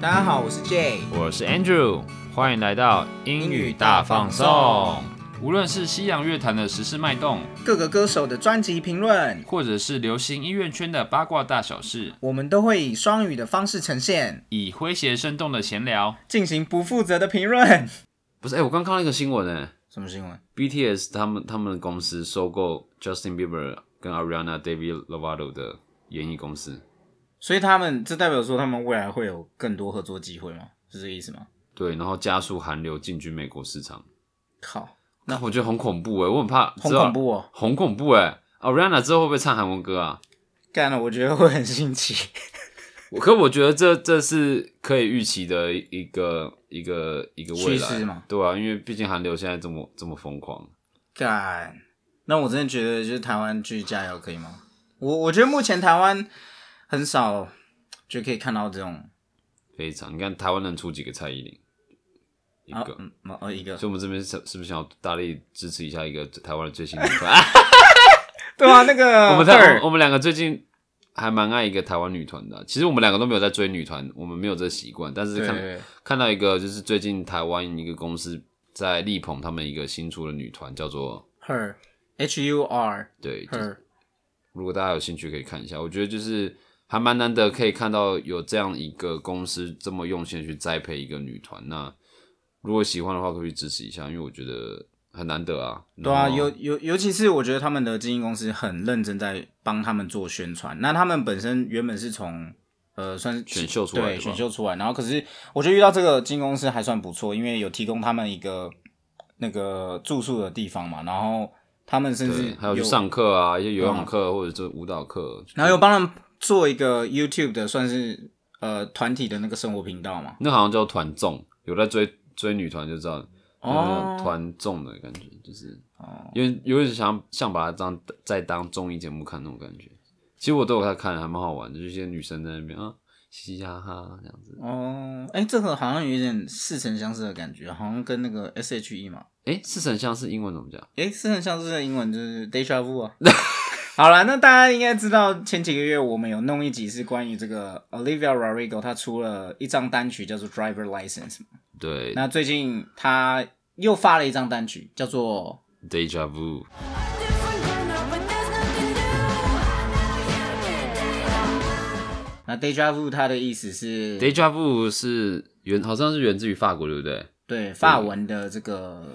大家好，我是 Jay，我是 Andrew，歡迎來到英語大放送。無論是西洋樂壇的時事脈動，各個歌手的專輯評論，或者是流行音樂圈的八卦大小事，我們都會以雙語的方式呈現，以詼諧生動的閒聊進行不負責的評論。不是，哎、欸，我剛剛看到一個新聞呢？什麼新聞？BTS 他們他們的公司收購 Justin Bieber 跟 Ariana Demi Lovato 的演藝公司。所以他們這代表說他們未來會有更多合作機會嗎？是這個意思嗎？對，然後加速韓流進軍美國市場。好，那我覺得很恐怖哎、欸，我很怕，很恐怖哦、喔，很恐怖哎！Ariana 之後會不會唱韓文歌啊？幹了，我覺得會很新奇。我可我覺得這這是可以預期的一個一個一個未來嘛？對啊，因為畢竟韓流現在這麼這麼瘋狂。幹！那我真的覺得就是台灣繼續加油可以嗎？我我覺得目前台灣。很少就可以看到這種，非常。你看台灣能出幾個蔡依林？一個，啊、嗯，哦，一個。所以，我們這邊是是不是想要大力支持一下一個台灣的最新的女團？ 對吧、啊、那個我們我，我們兩個最近還蠻愛一個台灣女團的。其實我們兩個都沒有在追女團，我們沒有這習慣。但是看看到一個，就是最近台灣一個公司在力捧他們一個新出的女團，叫做 Her H U R。對，就是、如果大家有興趣可以看一下，我覺得就是。還蠻難得可以看到有這樣一個公司這麼用心去栽培一個女團。那如果喜歡的話，可以支持一下，因為我覺得很難得啊。對啊，尤尤尤其是我覺得他們的經紀公司很認真在幫他們做宣傳。那他們本身原本是從呃、算是選秀出來，對，對，選秀出來。然後可是我覺得遇到這個經紀公司還算不錯，因為有提供他們一個那個住宿的地方嘛。然後他們甚至有還有去上課啊，一些游泳課、嗯、或者是舞蹈課，然後又幫他們，做一個 YouTube 的算是呃團體的那個生活頻道嘛？那好像叫團綜，有在追追女團就知道，團綜的感覺，哦、就是因為有，有點想像把它當在當綜藝節目看的那種感覺。其實我都有在看，還蠻好玩的，就是一些女生在那邊啊，嘻嘻哈哈這樣子。哦，哎、欸，這個好像有一點似曾相識的感覺，好像跟那個 S H E 嘛。哎、欸，似曾相識英文怎麼講？哎、欸，似曾相識的英文就是 deja vu 啊。 好了，那大家應該知道前幾個月我們有弄一集是關於這個 Olivia Rodrigo，她出了一張單曲叫做 Driver License。對。那最近他又發了一張單曲叫做 Deja Vu。那 Deja Vu 它的意思是 Deja Vu 是原，好像是源自於法國，對不對？對，法文的這個。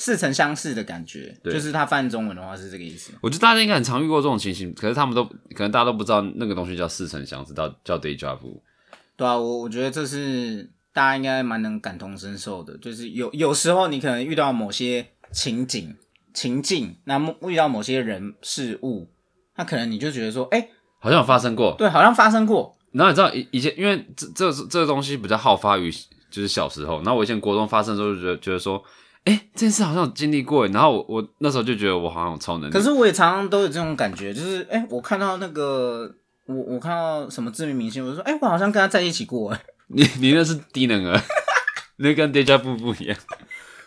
似曾相識的感覺，就是他翻中文的話是這個意思。我覺得大家應該很常遇過這種情形，可是他們都可能大家都不知道那個東西叫似曾相識，叫叫 déjà vu。對啊，我我覺得這是大家應該蠻能感同身受的，就是有有時候你可能遇到某些情景情境，那遇到某些人事物，那可能你就覺得說，哎、欸，好像有發生過，對，好像發生過。然後你知道以以前，因為這這這東西比較好發於就是小時候。然後我以前國中發生的時候就覺得，覺得說。哎、欸，這件事好像有經歷過，然後我我那時候就覺得我好像有超能力。可是我也常常都有這種感覺，就是哎、欸，我看到那個，我我看到什麼知名明星，我就說哎、欸，我好像跟他在一起過。誒你你那是低能兒，哈 哈你跟 Deja Vu 一樣。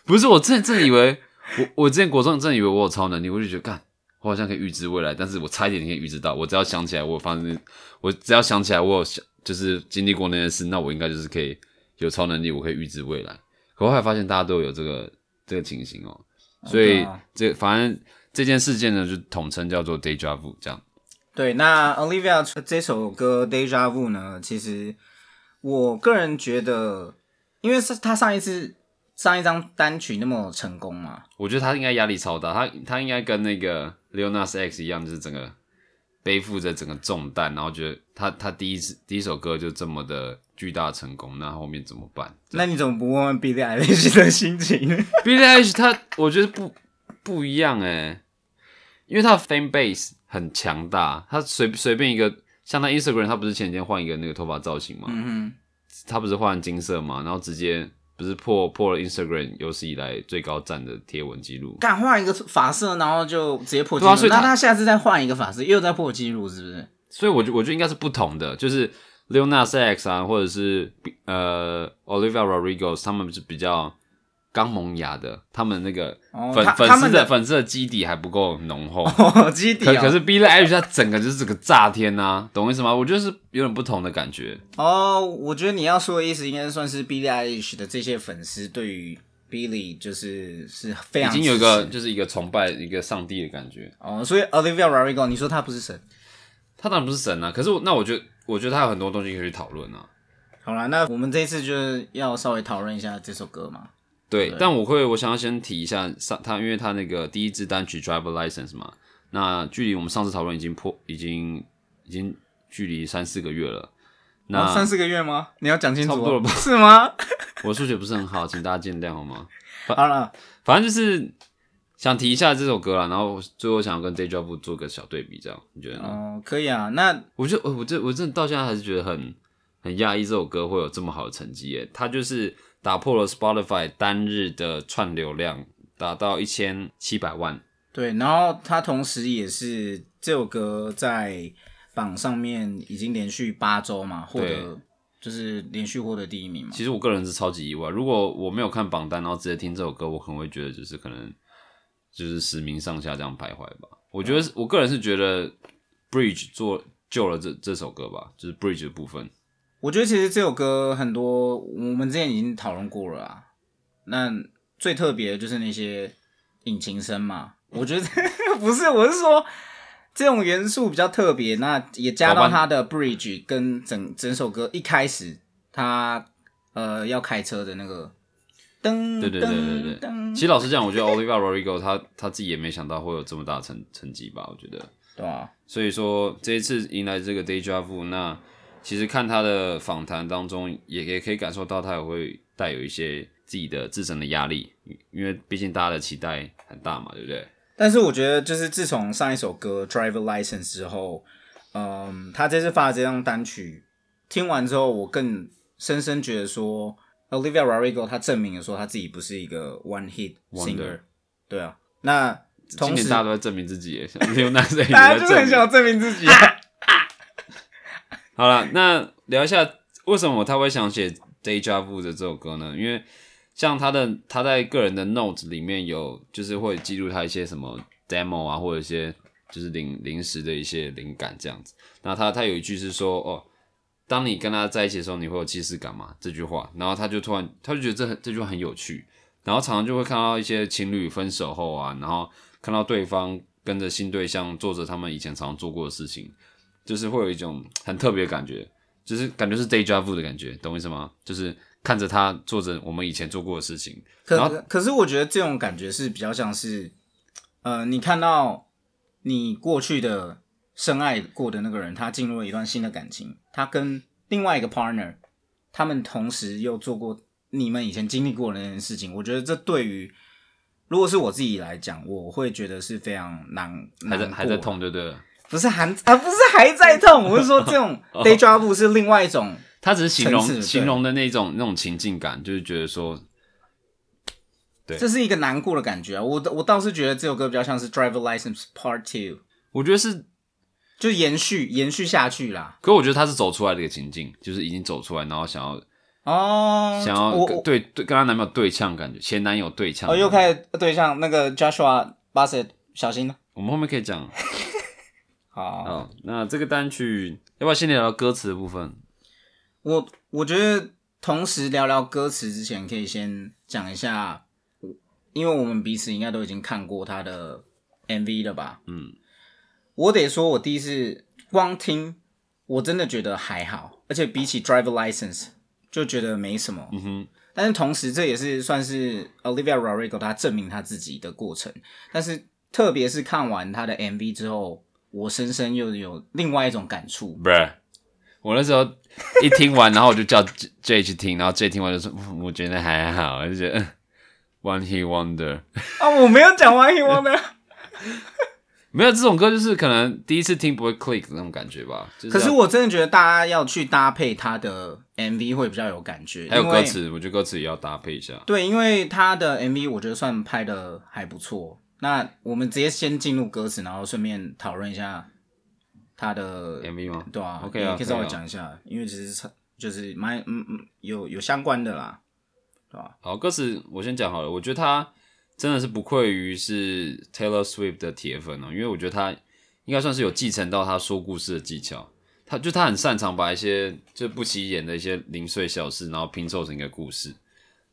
不是，我真的真的以為我我之前國中真以為我有超能力，我就覺得幹，我好像可以預知未來，但是我差一點點可以預知到，我只要想起來我發生，我只要想起來我有想就是經歷過那件事，那我應該就是可以有超能力，我可以預知未來。可後來發現大家都有這個。這個情形哦、喔，所以這反正這件事件呢，就統稱叫做《deja vu》這樣。對，那 Olivia 這首歌《deja vu》呢，其實我個人覺得，因為是他上一次上一張單曲那麼成功嘛，我覺得他應該壓力超大，他他應該跟那個 Lil Nas X 一樣，就是整個。背負着整個重擔，然後覺得他他第一次第一首歌就這麼的巨大的成功，那後，後面怎麼辦？那你怎麼不問問 Billie Eilish 的心情？Billie Eilish 他我覺得不不一樣誒，因為他的 fame base 很強大，他隨隨便一個像他 Instagram，他不是前天換一個那個頭髮造型嗎？嗯，他不是換金色嗎？然後直接。不是破破了 Instagram 有史以來最高讚的貼文記錄，幹換一個髮色，然後就直接破記錄、啊。那他下次再換一個髮色，又再破記錄，是不是？所以，我覺我覺得應該是不同的，就是 Leonard X 啊，或者是呃 Olivia Rodrigo，他們是比較。剛萌芽的，他們那個粉、哦、的粉絲的粉絲的基底還不夠濃厚、哦，基底、哦可。可是 Billie Eilish 他整個就是這個炸天吶、啊，懂意思嗎？我覺得是有點不同的感覺哦。我覺得你要說的意思，應該算是 Billie Eilish 的這些粉絲對於 Billy 就是是非常的已經有一個就是一個崇拜一個上帝的感覺哦。所以 Olivia Rodrigo 你說他不是神，他當然不是神啊。可是我那我覺得我覺得他有很多東西可以去討論啊。好了，那我們這一次就是要稍微討論一下這首歌嘛。對，對，但我會，我想要先提一下上他，因為他那個第一支單曲《Drivers License》嘛，那距離我們上次討論已經破，已經已經距離三四個月了。那、哦、三四個月嗎？你要講清楚了，差不多了吧是嗎？ 我數學不是很好，請大家見諒好嗎？反 好了，反正就是想提一下這首歌了，然後最後想要跟《Deja Vu》做個小對比，這樣你覺得呢？哦、呃，可以啊。那我就我這我這到現在還是覺得很。很訝異這首歌會有這麼好的成績耶！它就是打破了 Spotify 單日的串流量達到一千七百萬。對，然後它同時也是這首歌在榜上面已經連續八周嘛，獲得就是連續獲得第一名嘛。其實我個人是超級意外，如果我沒有看榜單，然後直接聽這首歌，我可能會覺得就是可能就是十名上下這樣徘徊吧。我覺得、嗯、我個人是覺得 Bridge 做救了這這首歌吧，就是 Bridge 的部分。我覺得其實這首歌很多，我們之前已經討論過了啊。那最特別的就是那些引擎聲嘛。我覺得 不是，我是說這種元素比較特別。那也加到他的 bridge 跟整整首歌一開始他呃要開車的那個噔，噔。對對對對，對，其實老實講， 我覺得 Olivia Rodrigo 他他自己也沒想到會有這麼大成成績吧？我覺得。對啊。所以說，這一次迎來這個 deja vu，那其實看他的訪談當中，也也可以感受到他也會帶有一些自己的自身的壓力，因為畢竟大家的期待很大嘛，對不對？但是我覺得，就是自從上一首歌《Driver License》之後，嗯，他這次發了這張單曲，聽完之後，我更深深覺得說，Olivia Rodrigo 他證明了說他自己不是一個 One Hit Singer。對啊，那同時大家都在證明自己，大家就很想要證明自己。 好了，那聊一下為什麼他會想寫《deja vu》的這首歌呢？因為像他的他在個人的 Notes 裡面有，就是會記錄他一些什麼 Demo 啊，或者一些就是臨臨時的一些靈感這樣子。那他他有一句是說：“哦，當你跟他在一起的時候，你會有既視感嗎？”這句話，然後他就突然他就覺得這這句話很有趣，然後常常就會看到一些情侶分手後啊，然後看到對方跟着新對象做着他們以前常常做過的事情。就是會有一種很特別的感覺，就是感覺是 deja vu 的感覺，懂我意思嗎？就是看着他做着我們以前做過的事情。可可是，我覺得這種感覺是比較像是，呃，你看到你過去的深愛過的那個人，他進入了一段新的感情，他跟另外一個 partner，他們同時又做過你們以前經歷過的那件事情。我覺得這對於如果是我自己來講，我會覺得是非常難，難，還在還在痛，對不對？不是還啊，不是還在痛。我是說，這種 deja vu 是另外一種。他只是形容形容的那種那種情境感，就是覺得說，對，這是一個難過的感覺啊。我我倒是覺得這首歌比較像是《Driver License Part Two》，我覺得是就延續延續下去啦。可我覺得他是走出來的一個情境，就是已經走出來，然後想要哦、啊，想要對對跟他男朋友對嗆感覺，前男友對嗆哦，又開始對嗆那個 Joshua Bassett，小心了、啊。我們後面可以講。 好，好，那這個單曲要不要先聊聊歌詞的部分？我我覺得同時聊聊歌詞之前，可以先講一下，我因為我們彼此應該都已經看過他的 MV 了吧？嗯，我得說，我第一次光聽，我真的覺得還好，而且比起《Drivers License》，就覺得沒什麼。嗯哼。但是同時，這也是算是 Olivia Rodrigo 他證明他自己的過程。但是特別是看完他的 MV 之後。我深深又有另外一種感觸。不是，我那時候一聽完，然後我就叫 J 去 聽，然後 J 聽完就說：“我覺得還好。”，就覺得 “One He Wonder”。啊，我沒有講 “One He Wonder”。沒有這種歌，就是可能第一次聽不會 click 的那種感覺吧、就是。可是我真的覺得大家要去搭配他的 MV 會比較有感覺，還有歌詞，我覺得歌詞也要搭配一下。對，因為他的 MV，我覺得算拍的還不錯。那我們直接先進入歌詞，然後順便討論一下他的 MV 嗎？嗯、對啊 OK 啊，可以稍微講一下，因為其實就是蠻嗯嗯有有相關的啦，對吧、啊？好，歌詞我先講好了。我覺得他真的是不愧於是 Taylor Swift 的鐵粉哦、喔，因為我覺得他應該算是有繼承到他說故事的技巧。他就他很擅長把一些就不起眼的一些零碎小事，然後拼湊成一個故事。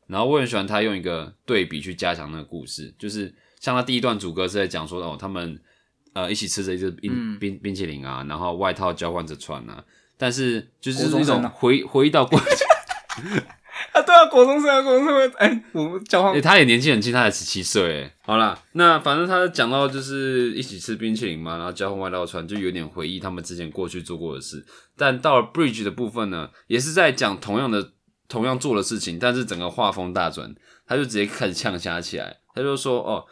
然後我很喜歡他用一個對比去加強那個故事，就是。像他第一段主歌是在講說哦，他們呃一起吃着一隻冰冰冰淇淋啊，然後外套交換着穿啊，嗯、但是就是那種回回憶到過去啊，都 啊，國中生啊，國中生哎、啊欸，我們交換、欸，他也年紀很輕，他也十七歲，哎，好啦，那反正他講到就是一起吃冰淇淋嘛，然後交換外套穿，就有點回憶他們之前過去做過的事。但到了 bridge 的部分呢，也是在講同樣的、同樣做的事情，但是整個畫風大轉，他就直接開始嗆聲起來，他就說哦。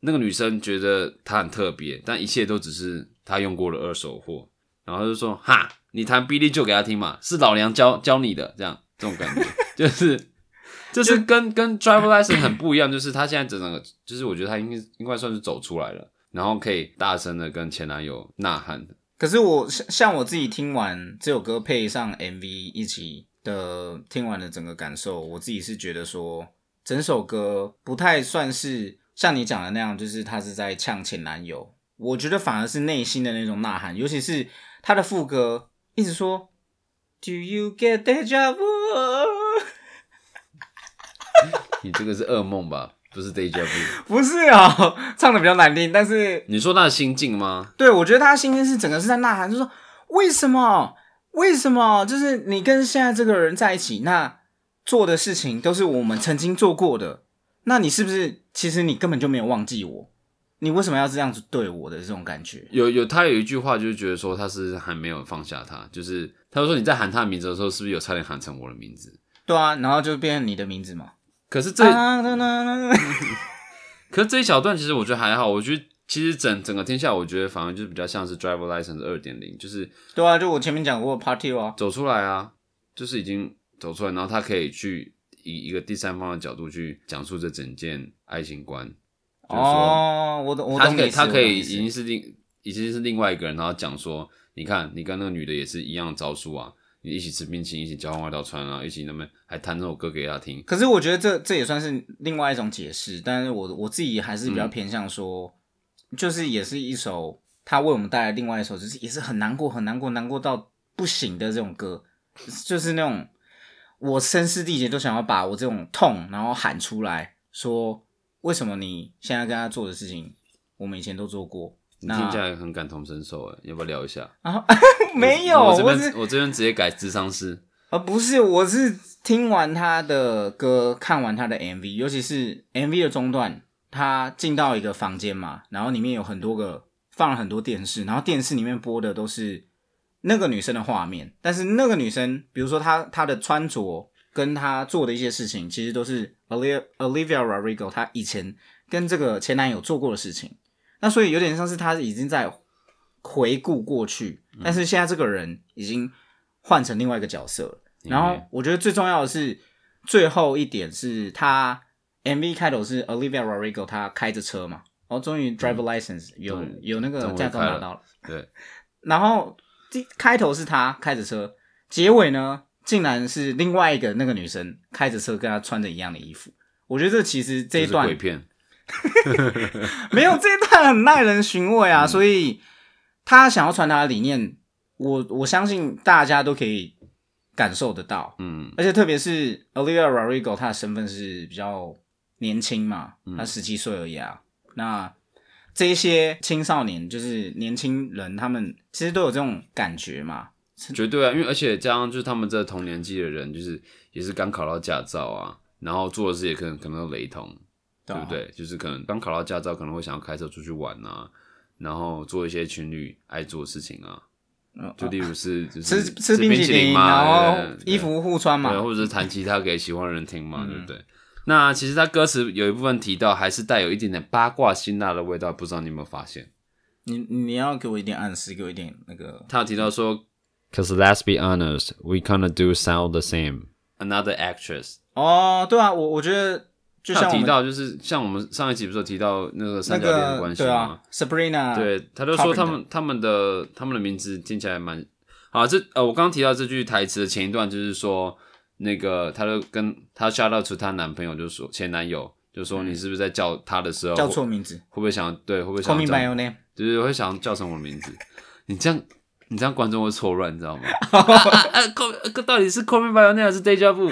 那個女生覺得她很特別，但一切都只是她用過的二手貨。然後就說：“哈，你彈 B 利就給她聽嘛，是老娘教教你的。”這樣這種感覺， 就是就是跟 跟 driver lesson 很不一樣。就是她現在整，整個，就是我覺得她應該應該算是走出來了，然後可以大聲的跟前男友吶喊。可是我像我自己聽完這首歌配上 MV 一起的聽完了整個感受，我自己是覺得說整首歌不太算是。像你講的那樣，就是他是在嗆前男友。我覺得反而是內心的那種吶喊，尤其是他的副歌，一直說 Do you get deja vu？你這個是噩夢吧？不是 deja vu？ 不是啊、喔，唱的比較難聽。但是你說他的心境嗎？對，我覺得他的心境是整個是在吶喊，就是說為什麼？為什麼？就是你跟現在這個人在一起，那做的事情都是我們曾經做過的。那你是不是其實你根本就沒有忘記我？你為什麼要這樣子對我的這種感覺？有有，他有一句話就是覺得說他是還沒有放下他，就是他就說你在喊他的名字的時候，是不是有差點喊成我的名字？對啊，然後就變成你的名字嘛。可是這， 可是這一小段其實我覺得還好。我覺得其實整整個天下，我覺得反而就是比較像是《Drivers License》二點零，就是對啊，就我前面講過 Party 啊，走出來啊，就是已經走出來，然後他可以去。以一個第三方的角度去講述這整件愛情觀，哦，我懂，我懂。他可以，他可以已經是另，已經是另外一個人，然後講說，你看，你跟那個女的也是一樣招數啊，你一起吃冰淇淋，一起交換外套穿啊，一起那麼還彈這首歌給她聽。可是我覺得這這也算是另外一種解釋，但是我我自己還是比較偏向說，就是也是一首，他為我們帶來另外一首，就是也是很難過、很難過、難過到不行的這種歌，就是那種。我聲嘶力竭都想要把我這種痛，然後喊出來，說為什麼你現在跟他做的事情，我們以前都做過。你聽起來很感同身受、欸、要不要聊一下？啊， 沒有，我，我這邊直接改諮商師啊，不是，我是聽完他的歌，看完他的 MV，尤其是 MV 的中段，他進到一個房間嘛，然後裡面有很多個放了很多電視，然後電視裡面播的都是。那個女生的畫面，但是那個女生，比如說她她的穿着跟她做的一些事情，其實都是 Olivia Rodrigo 她以前跟這個前男友做過的事情。那所以有點像是她已經在回顧過去、嗯，但是現在這個人已經換成另外一個角色了、嗯。然後我覺得最重要的是最後一點是，她 MV 開頭是 Olivia Rodrigo 她開着車嘛，然、喔、後終於 Driver License、嗯、有有那個駕照拿到了，了對， 然後。開頭是他開着車，結尾呢，竟然是另外一個那個女生開着車，跟她穿着一樣的衣服。我覺得這其實這一段、就是、鬼片 沒有這一段很耐人尋味啊、嗯。所以他想要傳達的理念，我我相信大家都可以感受得到。嗯，而且特別是 Olivia Rodrigo 她的身份是比較年輕嘛，她十七歲而已啊。嗯、那這些青少年就是年輕人，他們其實都有這種感覺嘛？絕對啊，因為而且加上就是他們這同年紀的人，就是也是剛考到駕照啊，然後做的事也可能可能都雷同對、啊，對不對？就是可能剛考到駕照，可能會想要開車出去玩啊，然後做一些情侶愛做的事情啊、嗯，就例如是、就是、吃吃冰淇淋嘛，然後衣服互穿嘛，對對對，或者是彈吉他給喜歡的人聽嘛，對、嗯、不對？那其實他歌詞有一部分提到，還是帶有一點點八卦辛辣的味道，不知道你有沒有發現？你你要給我一點暗示，給我一點那個。他有提到說，Cause let's be honest, we kind of do sound the same. Another actress. 哦、oh，對啊，我我覺得就像他提到，就是像我們上一集不是有提到那個三角戀的關係嗎？Sabrina、那個。對、啊、Sabrina 對他就說他們、Coppington. 他們的他們的名字聽起來蠻好。這呃、哦，我剛剛提到這句台詞的前一段就是說。那個，她就跟她 shout out to 她男朋友，就說前男友，就說，你是不是在叫他的時候叫錯名字，會不會想要對，會不會想 c 就是會想叫什麼名字？你這樣，你這樣觀眾會錯亂，你知道嗎 啊啊啊啊？啊到底是 call me by your name 還是 deja vu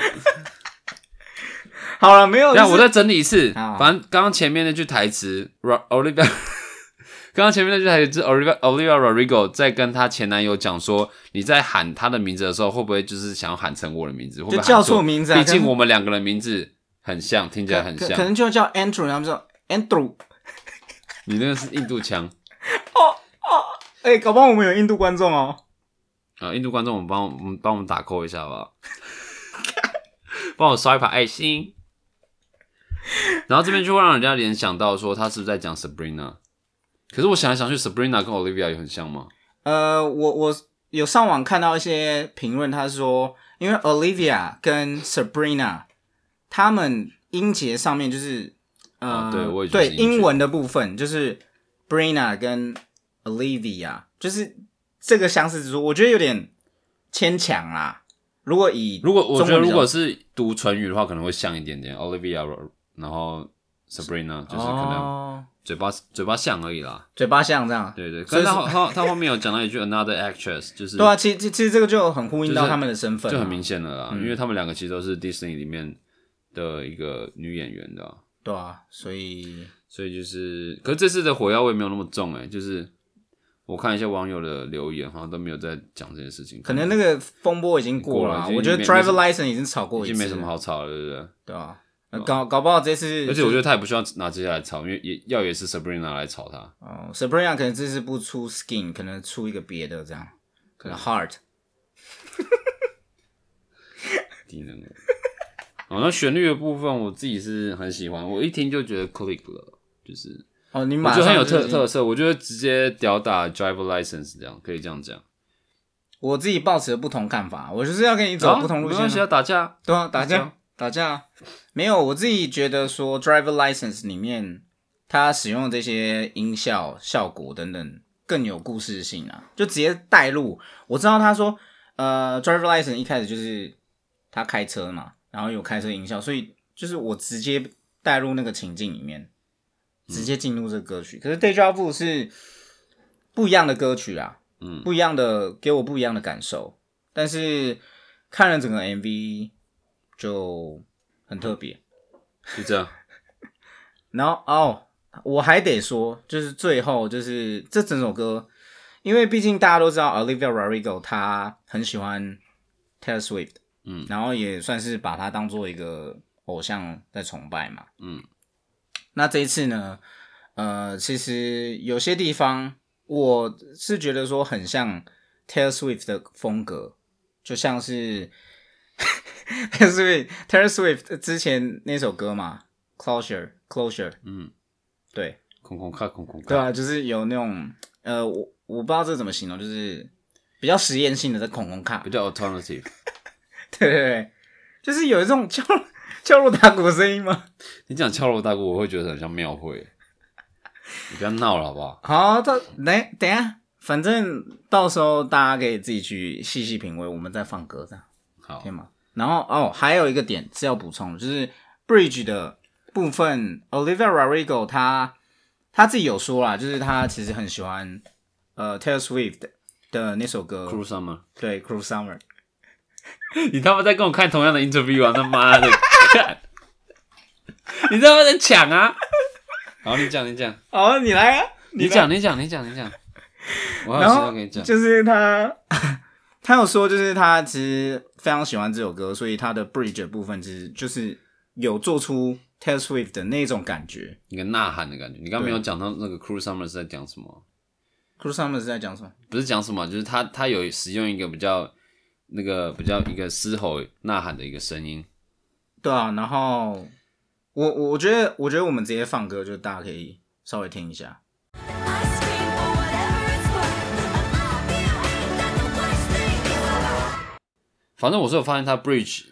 好了，沒有，讓我再整理一次。反正剛剛前面那句台詞，Olivia。Ra Olivia 剛剛前面那句還有是 Olivia Rodrigo 在跟她前男友講說：“你在喊他的名字的時候，會不會就是想要喊成我的名字？會不會叫錯名字？啊？畢竟我們兩個的名字很像，聽起來很像。可可”可能就叫 Andrew，他們叫 Andrew。你那個是印度腔。哦哦，哎，搞不好我們有印度觀眾哦。啊，印度觀眾，我們幫我們幫我們打 call 一下吧。幫 我刷一把愛心。然後這邊就會讓人家聯想到說，他是不是在講 Sabrina？可是我想來想去，Sabrina 跟 Olivia 也很像嗎？呃，我我有上網看到一些評論，他說，因為 Olivia 跟 Sabrina，他們音節上面就是，呃，啊、對我也對，英文的部分就是 Brina 跟 Olivia，就是這個相似之處，我覺得有點牽強啦。如果以如果我覺得如果是讀唇語的話，可能會像一點點 Olivia，然後 Sabrina 是就是可能、哦。嘴巴嘴巴像而已啦，嘴巴像這樣。對對，對，可是他是他他，他後面有講到一句 another actress，就是 對啊，其其其實這個就很呼應到他們的身份、啊就是，就很明顯了啦、嗯，因為他們兩個其實都是 Disney 裡面的一個女演員的、啊。對啊，所以所以就是，可是這次的火藥味沒有那麼重哎、欸，就是我看一些網友的留言，好像都沒有在講這件事情可，可能那個風波已經過了，過了，我覺得 Drivers License 已經吵過了，已經沒什麼好吵了，對不對？對啊。搞搞不好這次、就是，而且我覺得他也不需要拿這些來炒，因為也要也是 Sabrina 來炒他。哦、oh,，Sabrina 可能這次不出 skin，可能出一個別的這樣，可能,可能 heart。 低能哦。好、oh,，那旋律的部分我自己是很喜歡，我一聽就覺得 click 了，就是哦，你、oh, 很有特特色，我覺得直接吊打 driver license，這樣可以這樣講。我自己抱持的不同看法，我就是要跟你走不同路線、啊，要打架，對啊，打架。打架打架沒有，我自己覺得說《Drivers License》裡面，他使用這些音效、效果等等更有故事性啊，就直接帶入。我知道他說，呃，《Drivers License》一開始就是他開車嘛，然後有開車音效，所以就是我直接帶入那個情境裡面，嗯、直接進入這個歌曲。可是《Deja Vu》是不一樣的歌曲啊，嗯，不一樣的，給我不一樣的感受。但是看了整個 MV。就很特別，嗯，是這樣。 然後哦，我還得說，就是最後就是這整首歌，因為畢竟大家都知道 Olivia Rodrigo 她很喜歡 Taylor Swift，嗯，然後也算是把她當做一個偶像在崇拜嘛，嗯。那這一次呢，呃，其實有些地方我是覺得說很像 Taylor Swift 的風格，就像是。嗯 Taylor Swift 之前那首歌嘛，Closure，Closure，Closure，嗯，對，空空卡，空空卡，對啊，就是有那種呃，我我不知道這怎麼形容，就是比較實驗性的這空空卡，比較 Alternative。對對 對，就是有一種敲敲鑼打鼓的聲音嗎？你講敲鑼打鼓，我會覺得很像廟會，你不要鬧了好不好？ 好，他來，等下，反正到時候大家可以自己去細細品味，我們再放歌這樣，好，可以嗎？然後哦，還有一個點是要補充的，就是 bridge 的部分，Olivia Rodrigo 他他自己有說啦，就是他其實很喜歡呃 Taylor Swift 的，的那首歌《Cruel Summer》。對，《Cruel Summer》。你他媽在跟我看同樣的 interview 啊？他媽的！ 你他媽在搶啊！好，你講，你講。好，你來啊！你講，你講，你講，你講。我好喜歡跟你講。就是因為他。 他有說，就是他其實非常喜歡這首歌，所以他的 bridge 的部分其實就是有做出 Taylor Swift 的那種感覺，一個吶喊的感覺。你剛沒有講到那個 Cruel Summer 是在講什麼？Cruel Summer 是在講什麼？不是講什麼，就是他他有使用一個比較那個比較一個嘶吼吶喊的一個聲音。對啊，然後我我我覺得我覺得我們直接放歌，就大家可以稍微聽一下。反正我是有發現，他 bridge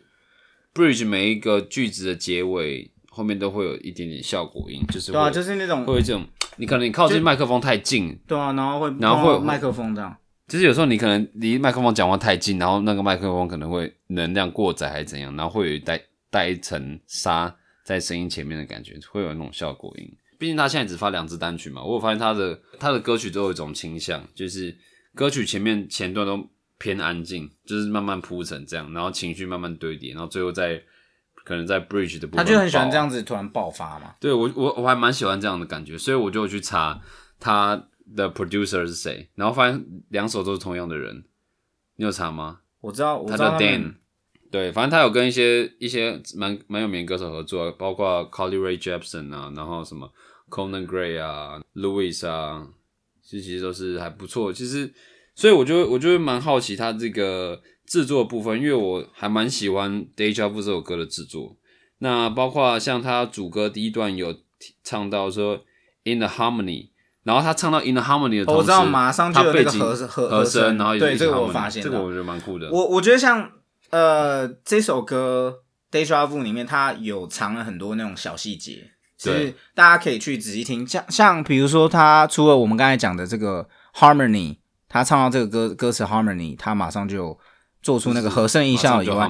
bridge 每一個句子的結尾後面都會有一點點效果音，就是對啊，就是那種會有這種，你可能你靠近麥克風太近，對啊，然後會然後會有麥克風這樣，就是有時候你可能離麥克風講話太近，然後那個麥克風可能會能量過載還是怎樣，然後會有一帶帶一層沙在聲音前面的感覺，會有那種效果音。畢竟他現在只發兩支單曲嘛，我有發現他的他的歌曲都有一種傾向，就是歌曲前面前段都。偏安靜，就是慢慢鋪成這樣，然後情緒慢慢堆疊，然後最後在可能在 bridge 的部分他就很喜歡這樣子突然爆發嘛。對我我我還蠻喜歡這樣的感覺，所以我就去查他的 producer 是誰，然後發現兩首都是同樣的人。你有查嗎？我知道，我知道他的 Dan。對，反正他有跟一些一些蠻蠻有名歌手合作，包括 Carly Rae Jepsen 啊，然後什麼 Conan Gray 啊，Louis 啊，其實都是還不錯。其實。所以我就我就會蠻好奇他這個製作的部分，因為我還蠻喜歡《Deja Vu 這首歌的製作。那包括像他主歌第一段有唱到說 “in the harmony”，然後他唱到 “in the harmony” 的時候，哦，我知道我馬上就有這個和和聲，然後也對一 harmony, 這個我發現了這個我覺得蠻酷的。我我覺得像呃這首歌《Deja Vu 裡面，它有藏了很多那種小細節，所以，是大家可以去仔細聽。像像比如說，他除了我們剛才講的這個 “harmony”。他唱到這個歌歌詞 harmony，他馬上就做出那個和聲音效以外，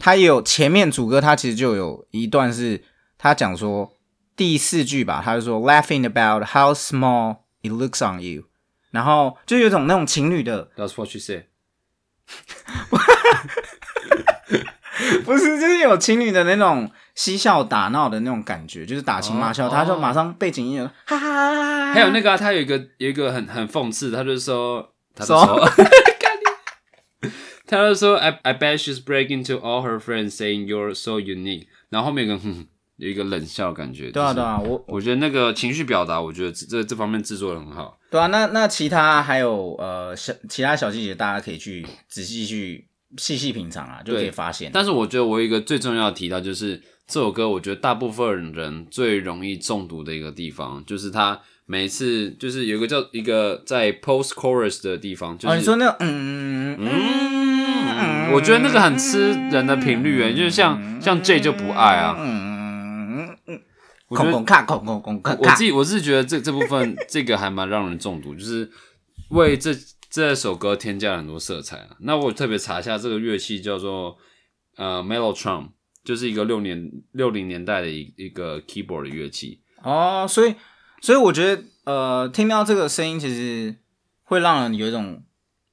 他也有前面主歌，他其實就有一段是他講說第四句吧，他就說 laughing about how small it looks on you，然後就有種那種情侶的，that's what you say。 不是就是有情侶的那種嬉笑打鬧的那種感覺，就是打情罵俏，oh, 他就馬上背景音樂哈哈哈哈，oh. 還有那個、啊、他有一個有一個很很諷刺，他就是說。他說， 幹你笑他說，I I bet she's breaking to all her friends saying you're so unique。然後後面跟哼哼，有一個冷笑的感覺。對啊,、就是、對,啊對啊，我我覺得那個情緒表達，我覺得這這方面制作得很好。對啊，那那其他還有呃小其他小細節，大家可以去仔細去細細品嘗啊，就可以發現。但是我覺得我有一個最重要的提到就是這首歌，我覺得大部分人最容易中毒的一個地方就是它。每一次就是有個叫一個在 post chorus 的地方，就是、哦、你說那個嗯，嗯嗯，嗯，嗯，我覺得那個很吃人的頻率誒，就、嗯、是像、嗯、像 J 就不愛啊，嗯嗯嗯，空空卡空，空，空卡卡，我自己我是覺得這這部分 這個還蠻讓人中毒，就是為這這首歌添加了很多色彩啊。那我特別查一下這個樂器叫做呃 mellotron 就是一個六年六零年代的一一個 keyboard 的樂器哦，所以。所以我覺得，呃，聽到這個聲音，其實會讓人有一種，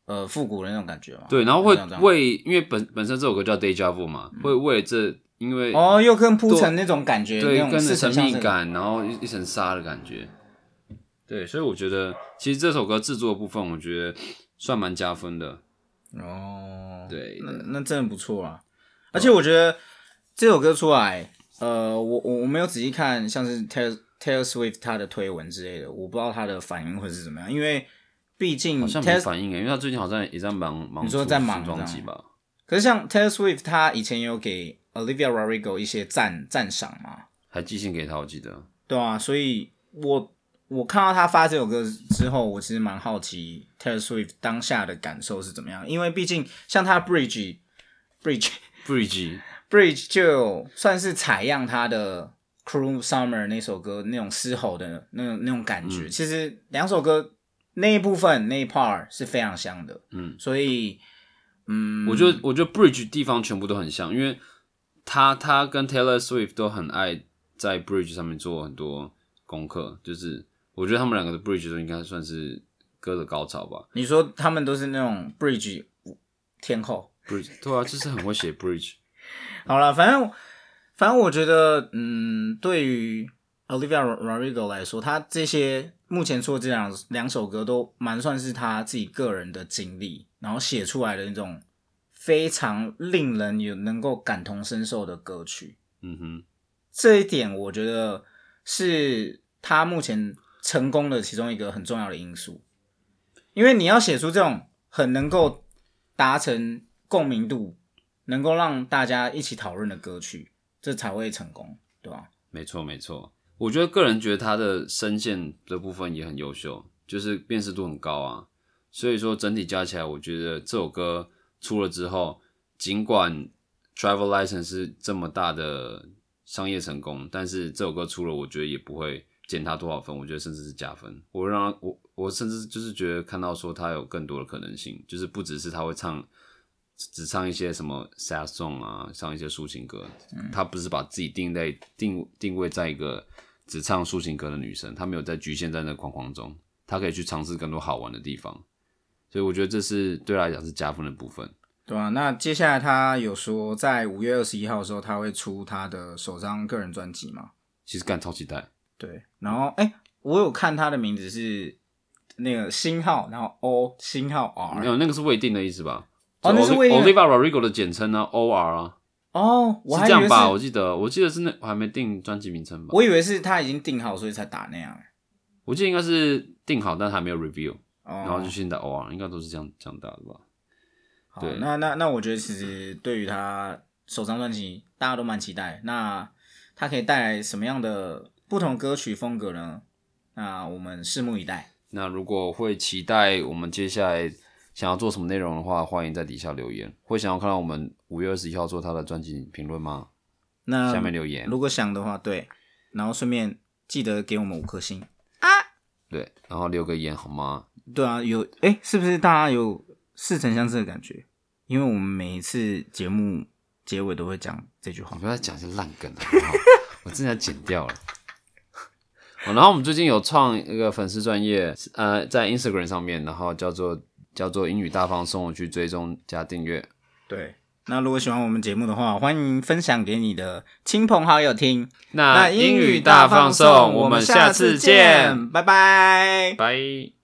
呃，復古的那種感覺嘛。對，然後會為，因為本本身這首歌叫《deja vu》嘛，會為這，因為哦，又跟鋪陳那種感覺，哦、對，跟、這個、神秘感，然後一一層紗的感覺。對，所以我覺得，其實這首歌製作的部分，我覺得算蠻加分的。哦，對，那那真的不錯啊。而且我覺得這首歌出來，哦、呃，我我我沒有仔細看，像是泰。Taylor Swift 他的推文之類的，我不知道他的反應會是怎麼樣，因為畢竟好像沒反應、欸，因為他最近好像也在忙忙，你說在忙裝機吧？可是像 Taylor Swift，他以前有給 Olivia Rodrigo 一些讚讚賞嘛，還寄信給他，我記得對啊。所以我，我我看到他發這首歌之後，我其實蠻好奇 Taylor Swift 當下的感受是怎麼樣，因為畢竟像他的 Bridge，Bridge，Bridge，Bridge Bridge, Bridge Bridge 就算是採樣他的。Cruel Summer 那首歌那種嘶吼的那種那種感覺，嗯、其實兩首歌那一部分那一 part 是非常像的。嗯，所以嗯，我覺得我覺得 Bridge 地方全部都很像，因為他他跟 Taylor Swift 都很愛在 Bridge 上面做很多功課，就是我覺得他們兩個的 Bridge 都應該算是歌的高潮吧。你說他們都是那種 Bridge 天後，Bridge 對啊，就是很會寫 Bridge、 嗯。好了，反正。反正我覺得，嗯，對於 Olivia Rodrigo 來說，他這些目前出的這兩兩首歌都蠻算是他自己個人的經歷，然後寫出來的那種非常令人有能夠感同身受的歌曲。嗯哼，這一點我覺得是他目前成功的其中一個很重要的因素，因為你要寫出這種很能夠達成共鳴度，能夠讓大家一起討論的歌曲。這才會成功，對吧？沒錯沒錯，我覺得個人覺得他的聲線的部分也很優秀，就是辨識度很高啊。所以說整體加起來，我覺得這首歌出了之後，儘管《Drivers License》是這麼大的商業成功，但是這首歌出了，我覺得也不會減他多少分，我覺得甚至是加分。我讓我我甚至就是覺得看到說他有更多的可能性，就是不只是他會唱。只唱一些什麼 sad song 啊，唱一些抒情歌，嗯、他不是把自己定在定定位在一個只唱抒情歌的女生，她沒有在局限在那框框中，她可以去嘗試更多好玩的地方，所以我覺得這是對她來講是加分的部分。對啊，那接下來她有說在五月二十一號的時候，她會出她的首張個人專輯嗎？其實幹超期待。對，然後哎、欸，我有看她的名字是那個星號，然後 O 星號 R，沒有，那個是未定的意思吧？哦，o, 是我是 Olivia Rodrigo 的簡稱呢，O R 啊。哦、oh, 啊，是這樣吧？我記得，我記得是那我還沒定專輯名稱吧？我以為是他已經定好，所以才打那樣、欸。我記得應該是定好，但是還沒有 review，、oh. 然後就先打 O R，應該都是這樣這樣打的吧？對，那那那我覺得，其實對於他首張專輯，大家都蠻期待。那他可以帶來什麼樣的不同歌曲風格呢？那我們拭目以待。那如果會期待我們接下來？想要做什麼內容的話，歡迎在底下留言。會想要看到我們五月二十一號做他的專輯評論嗎？那下面留言，如果想的話，對。然後順便記得給我們五顆星啊！對，然後留個言好嗎？對啊，有哎、欸，是不是大家有似曾相識的感覺？因為我們每一次節目結尾都會講這句話。你不要再講些爛梗了、啊， 我真的要剪掉了。 喔、然後我們最近有創一個粉絲專頁，呃，在 Instagram 上面，然後叫做。叫做英語大放送，去追蹤加訂閱。對，那如果喜歡我們節目的話，歡迎分享給你的親朋好友聽。那，那英語大放送，我們下次見，拜拜，拜、拜。拜拜。